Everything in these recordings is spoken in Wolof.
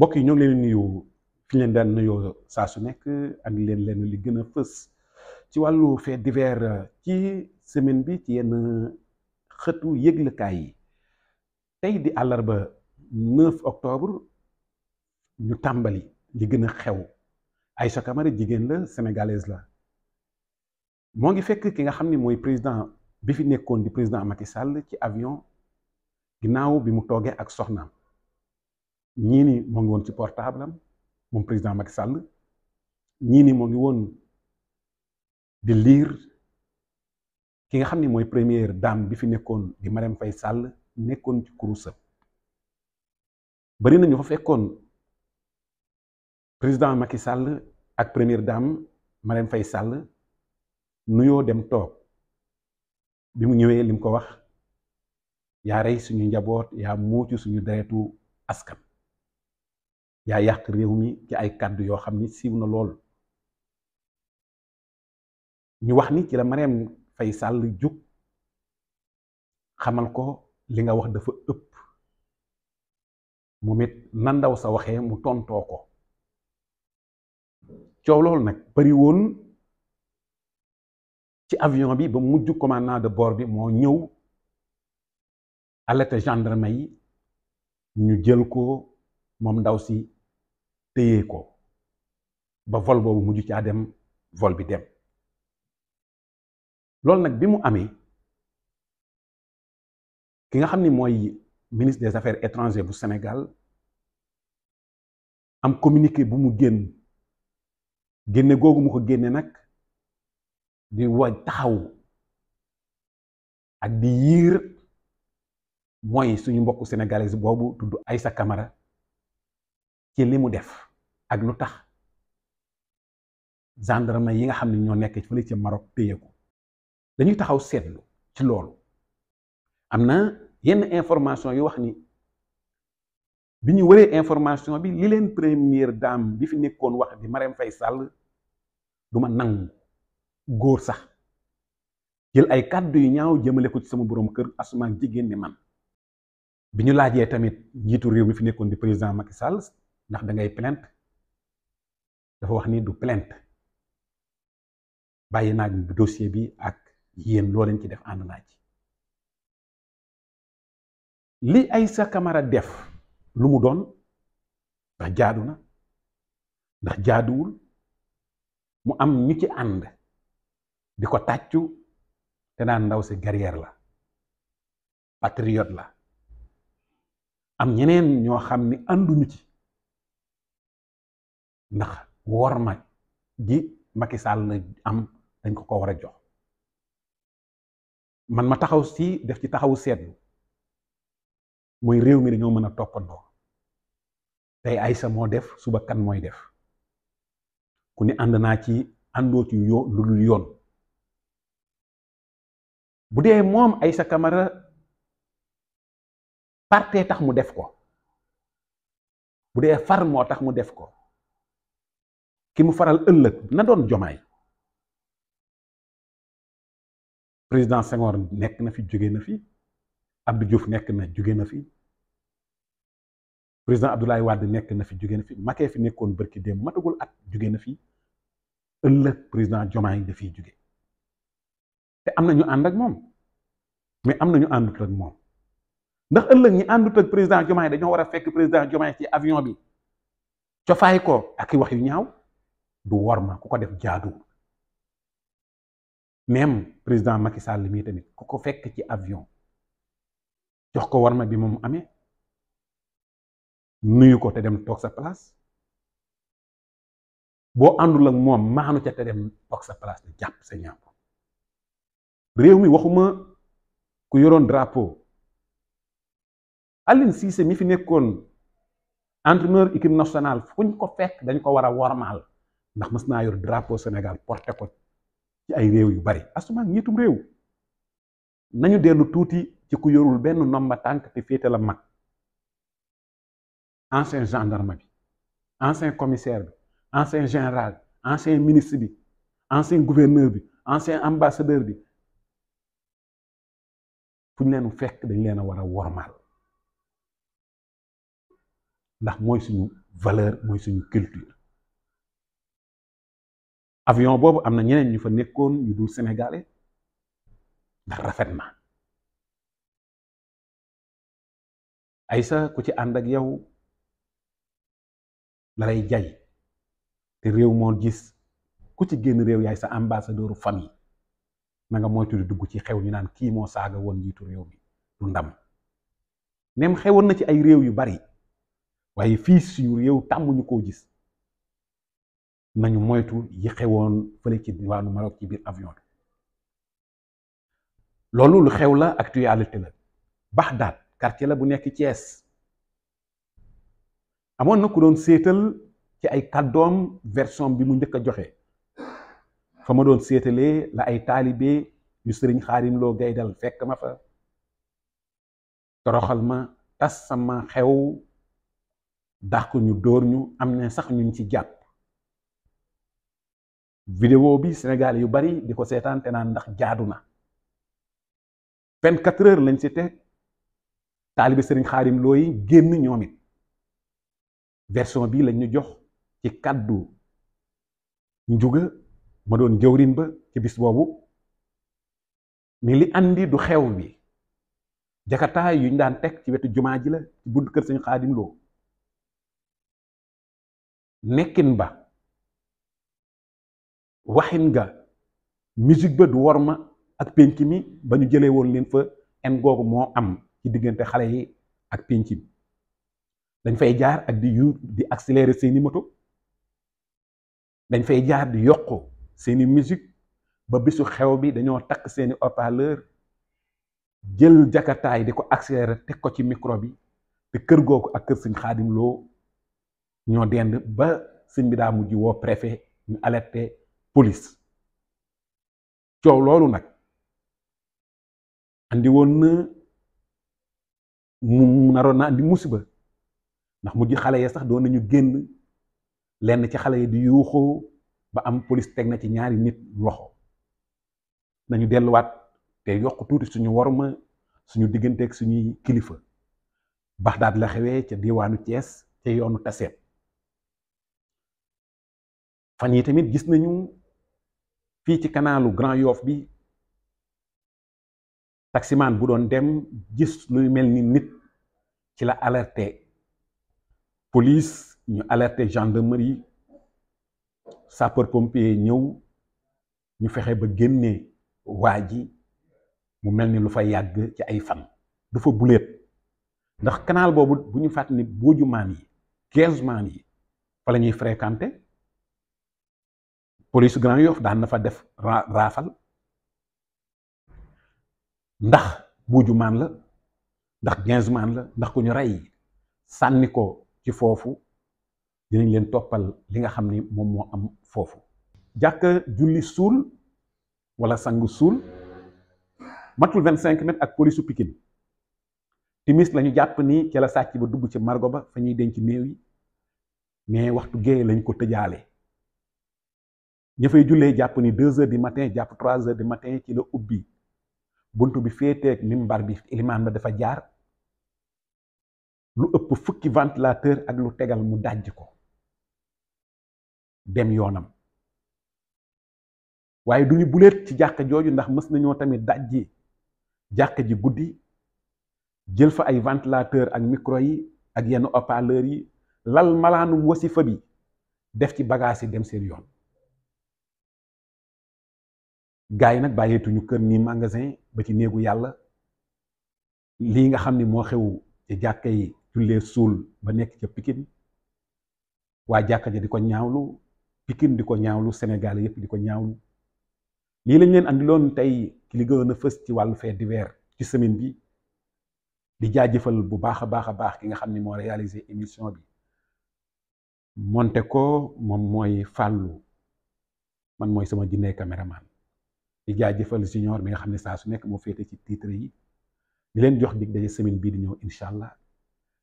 bokk yi ñoo ngi leen nuyu fi ñu leen daan nuyoo saa su nekk andi leen lenn li gën a fës ci wàllu fait divers ci semaine bi ci yenn xëtu yëglekaay yi tey di àllarba 9 octobre ñu tàmbali li gën a xew Aïcha Camara jigéen la sénégalaise la moo ngi fekk ki nga xam ni mooy président bi fi nekkoon di président Macky Sall ci avion ginnaaw bi mu toogee ak soxnaam. ñiini ni moo ngi woon ci portable am moom président Macky Sall ñii ni moo ngi woon di liir ki nga xam ni mooy première dame bi fi nekkoon di Marème fay sàll nekkoon ci kurusam bari nañu fa fekkoon président Macky sàll ak première dame Marème fay sàll nuyoo dem toog bi mu ñëwee lim ko wax yaa rey suñu njaboot yaa muucu suñu deretu askan yaa yàq réew mi ci ay kàddu yoo xam ni siiw na lool ñu wax ni ci la Mariam Faye Sall jug xamal ko li nga wax dafa ëpp moom it na ndaw sa waxee mu tontoo ko coow loolu nag bari ci avion bi ba mujj commandant de bord bi moo ñëw alerte gendarme yi ñu jël ko moom ndaw si téye ko ba vol boobu mujj caa dem vol bi dem loolu nag bi mu amee ki nga xam ni mooy ministre des affaires étrangères bu Sénégal am communiqué bu mu génn génne googu mu ko génne nag di wa taxaw ak di yiir mooy suñu mbokku sénégalais boobu tudd Aïssa Camara ci li mu def ak lu tax gendarme yi nga xam ne ñoo nekk fële ci Maroc téye ko dañuy taxaw seetlu ci loolu am na yenn information yu wax ni bi ñu wëree information bi li leen première dame bi fi nekkoon wax di Marème fay Sall du ma nangu góor sax jël ay kàddu yu ñaaw jëmale ko ci sama boroom kër asumaan jigéen ni man bi ñu laajee tamit njiitu réew mi fi nekkoon di président Macky Sall ndax dangay ngay dafa wax ni du plainte bàyyi naa dossier bi ak yéen loo leen ci def ànd naa ci li Aïssa Camara def lu mu doon ndax jaadu na ndax jaaduwul mu am ñu ci ànd di ko tàccu te naan ndaw si guerrière la patriote la am ñeneen ñoo xam ni ànduñu ci ndax worma gi Macky Sall la am dañ ko ko war a jox man ma taxaw si def ci taxawu seetlu mooy réew mi dañoo mën a toppandoo tey Aïssa moo def suba kan mooy def ku ne ànd naa ci àndoo ci yoo lu dul yoon bu dee moom Aïssa Camara parte tax mu def ko bu dee far moo tax mu def ko ki mu faral ëllëg na doon jomaay président Senghor nekk na fi jóge na fi Abdou nekk na jóge na fi président Abdoulaye Wade nekk na fi jóge fi Macky fi nekkoon bërki démb matagul at jóge na fi ëllëg président jomaay dafiy jóge te am na ñu ànd ak moom mais am na ñu àndut ak moom ndax ëllëg ñi àndut ak président jomaay dañoo war a fekk président jomaay ci avion bi cofaay ko ak i wax yu ñaaw du worma ku ko def jaaduwul même président Macky Sall mii tamit ku ko fekk ci avion jox ko worma bi moom amee nuyu ko te dem toog sa place boo àndul ak moom maanu ca te dem toog sa place te jàpp sa ñàpp réew mi waxuma ku yoroon drapeau Aline Cissé mi fi nekkoon entraîneur équipe nationale fuñ ko fekk dañ ko war a wormaal ndax mas naa yor drapeau Sénégal porté ko ci ay réew yu bari asumaan njiitum réew nañu dellu tuuti ci ku yorul benn nomba tànk te féete la mag ancien gendarme bi ancien commissaire bi ancien général bi ancien ministre bi ancien gouverneur bi ancien ambassadeur bi fu ñu leen fekk dañ leen a war a wormaal ndax mooy suñu valeur mooy suñu culture avion boobu am na ñeneen ñu fa nekkoon ñu dul sénégalais ndax rafet na aysa ku ci ànd ak yow la lay jay te réew moo gis ku ci génn réew yaay sa ambassadeuru famille na nga moytu di dugg ci xew ñu naan kii moo saaga woon njiitu réew mi du ndam nem xewoon na ci ay réew yu bari waaye fii suñu réew tàmm ñu koo gis nañu moytu yi xewoon fële ci diwaanu Maroc ci biir avion bi loolu lu xew la actualité la Bagdad quartier la bu nekk Thiès amoon na ku doon seetal ci ay kàddoom version bi mu njëkk a joxe fa ma doon seetalee la ay taalibe yu sëriñ xaarim loo gaydal fekk ma fa toroxal ma tas sama xew dàq ñu dóor ñu am na sax ñu ñun ci jàpp video bi Sénégal yu bari di ko seetaan te naan ndax jaadu na 24 lañ si teg taalibe sëriñ xaarim looyi génn ñoom it version bi lañ ñu jox ci kàddu njuga ma doon jëwrin ba ci bis boobu ni li andi du xew bi yu ñu daan teg ci wetu jumaa ji la ci bunt kër sëñ xaadim loo nekkin ba waxin nga musique ba du war ma ak penc mi ba ñu jëlee woon leen fa en googu moo am ci diggante xale yi ak penc dañ fay jaar ak di yu di accélérer seeni moto dañ fay jaar di yokk seeni musique ba bisu xew bi dañoo takk seeni haut-parleur jël jakataay di ko accélérer teg ko ci micro bi te kër googu ak kër sëñ Xaadim ñoo dend ba sëñ bi mujj woo préfet ñu alerte police coow loolu nag indiwoon na mu naroon na andi musiba ndax mujj xale ya sax doon nañu génn lenn ci xale yi di yuuxoo ba am police teg na ci ñaari nit loxo nañu delluwaat te yokk tuuti suñu worma suñu digganteeg suñuy kilifa Baxdaad la xewee ca diwaanu Thiès ca yoonu Taseet fan yi tamit gis nañu. fii ci kanaalu Grand Yoff bi taximaan bu doon dem gis luy mel ni nit ci la alerte police ñu alerte gendarmerie sapeur pompier ñëw ñu fexe ba génne waa ji mu mel ni lu fa yàgg ci ay fan du fa buleet ndax kanaal boobu bu ñu ni booju maan yi quinze yi fa la ñuy police Grand Yoff daan na fa def raafal ndax buuju maan la ndax quinze maan la ndax ku ñu rey sànni ko ci foofu dinañ leen toppal li nga xam ni moom moo am foofu jàkka julli suul walla sangu suul matul vingt cinq mètres ak polisu Pikine timis lañu jàpp ni ci la sàcc ba dugg ci margo ba fa ñuy denc néew yi mais waxtu géey lañ ko tëjaale ña fay jullee jàpp ni deux heures du matin jàpp trois heures du matin ci la ubbi bunt bi féeteeg mimbar bi ilimaan ba dafa jaar lu ëpp fukki ventilateur ak lu tegal mu dàjj ko dem yoonam waaye du ñu buleet ci jàkka jooju ndax mës nañoo tamit dajji jàkka ji guddi jël fa ay ventilateur ak micro yi ak yenn haut yi lal malaanu wasifa bi def ci bagage yi dem seen yoon gaa yi nag bàyyeetuñu kër nii magasin ba ci néegu yàlla lii nga xam ni moo xew ci jàkka jullee suul ba nekk ca Pikine waa jàkka ja di ko ñaawlu Pikine di ko ñaawlu Sénégal yépp di ko ñaawlu lii lañ leen àndiloon tey ki li gën a fës ci wàllu fait diweer ci semaine bi di jaajëfal bu baax a baax a baax ki nga xam ni moo réalisé émission bi monte ko moom mooy fàllu man mooy sama jinne caméraman di jaajëfal junior bi nga xam ne saa su nekk moo féete ci titre yi di leen jox dig daje semaine bii di ñëw incha allah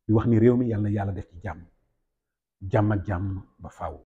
di wax ni réew mi yàlla na yàlla def ci jàmm jàmm ak jàmm ba faaw.